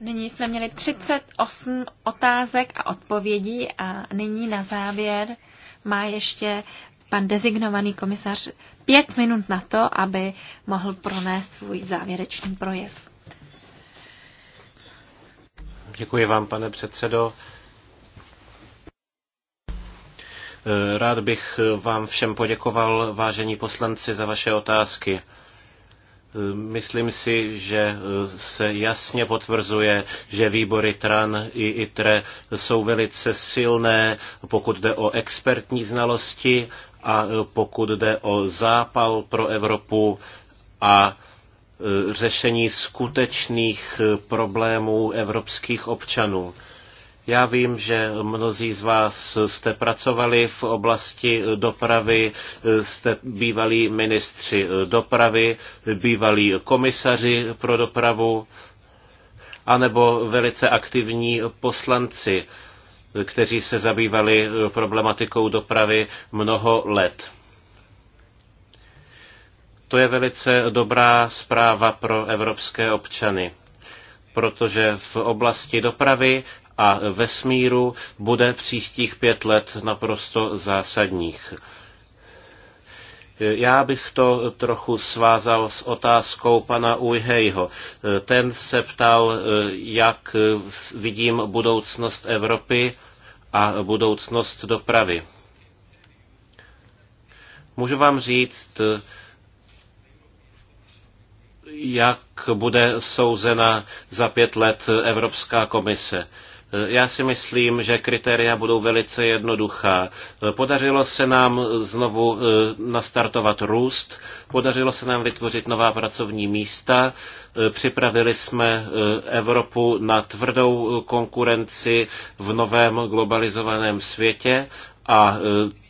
Nyní jsme měli 38 otázek a odpovědí a nyní na závěr má ještě pan dezignovaný komisař pět minut na to, aby mohl pronést svůj závěrečný projev. Děkuji vám, pane předsedo. Rád bych vám všem poděkoval, vážení poslanci, za vaše otázky. Myslím si, že eh, se jasně potvrzuje, že výbory TRAN i ITRE jsou velice silné, pokud jde o expertní znalosti a eh, pokud jde o zápal pro Evropu a eh, řešení skutečných problémů evropských občanů. Já vím, že mnozí z vás jste pracovali v oblasti dopravy, jste bývalí ministři dopravy, bývalí komisaři pro dopravu, anebo velice aktivní poslanci, kteří se zabývali problematikou dopravy mnoho let. To je velice dobrá zpráva pro evropské občany protože v oblasti dopravy a vesmíru bude příštích pět let naprosto zásadních. Já bych to trochu svázal s otázkou pana Ujhejho. Ten se ptal, jak vidím budoucnost Evropy a budoucnost dopravy. Můžu vám říct, jak bude souzena za pět let Evropská komise. Já si myslím, že kritéria budou velice jednoduchá. Podařilo se nám znovu eh, nastartovat růst, podařilo se nám vytvořit nová pracovní místa, eh, připravili jsme eh, Evropu na tvrdou konkurenci v novém globalizovaném světě a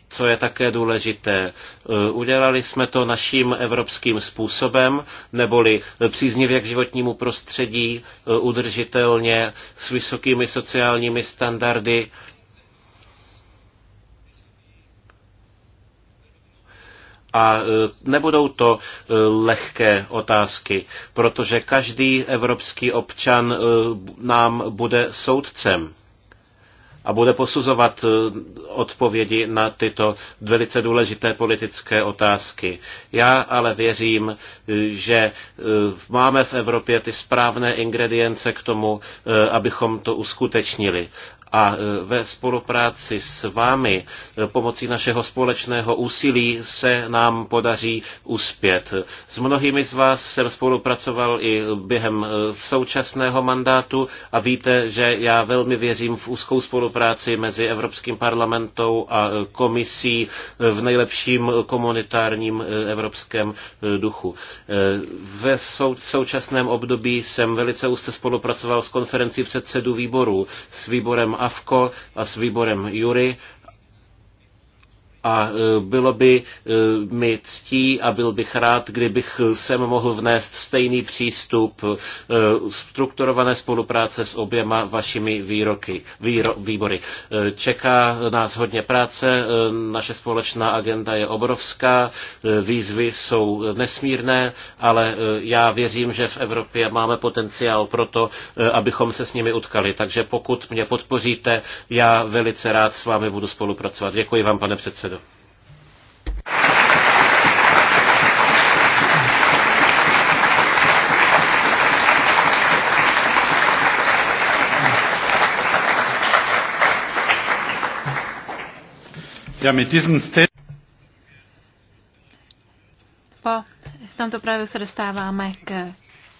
co je také důležité. Eh, udělali jsme to naším evropským způsobem, neboli příznivě k životnímu prostředí, eh, udržitelně, s vysokými sociálními standardy. A eh, nebudou to lehké otázky, protože každý evropský občan nám bude soudcem a bude posuzovat eh, odpovědi na tyto velice důležité politické otázky. Já ale věřím, eh, že eh, máme v Evropě ty správné ingredience k tomu, abychom to uskutečnili a ve spolupráci s vámi pomocí našeho společného úsilí se nám podaří uspět. S mnohými z vás jsem spolupracoval i během současného mandátu a víte, že já velmi věřím v úzkou spolupráci spolupráci mezi Evropským parlamentem a e, komisí v nejlepším komunitárním e, evropském e, duchu. Ve současném období jsem velice úzce spolupracoval s konferencí předsedů výborů, s výborem AFKO a s výborem Jury a e, bylo by e, mi ctí a byl bych rád, kdybych sem mohl vnést stejný přístup e, strukturované spolupráce s oběma vašimi výroky, výro, výbory. Čeká nás hodně práce, naše společná agenda je obrovská, výzvy jsou nesmírné, ale já věřím, že v Evropě máme potenciál pro to, abychom se s nimi utkali. Takže pokud mě podpoříte, já velice rád s vámi budu spolupracovat. Děkuji vám, pane předsedo. Ja, mit diesem po tomto právě se dostáváme k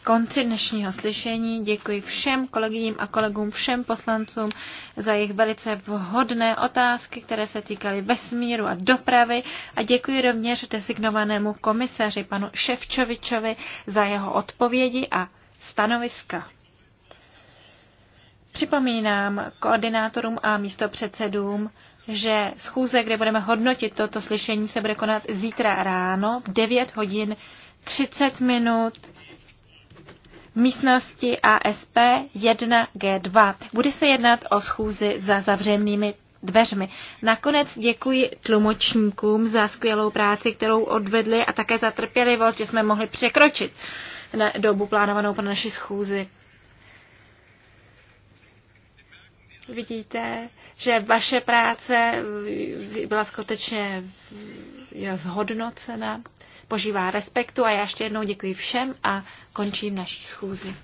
konci dnešního slyšení. Děkuji všem kolegyním a kolegům, všem poslancům za jejich velice vhodné otázky, které se týkaly vesmíru a dopravy a děkuji rovněž designovanému komisaři panu Ševčovičovi za jeho odpovědi a stanoviska. Připomínám koordinátorům a místopředsedům, že schůze, kde budeme hodnotit toto slyšení, se bude konat zítra ráno v 9 hodin 30 minut v místnosti ASP 1G2. Bude se jednat o schůzi za zavřenými dveřmi. Nakonec děkuji tlumočníkům za skvělou práci, kterou odvedli a také za trpělivost, že jsme mohli překročit na dobu plánovanou pro naši schůzi. vidíte, že vaše práce byla skutečně zhodnocena, požívá respektu a já ještě jednou děkuji všem a končím naší schůzi.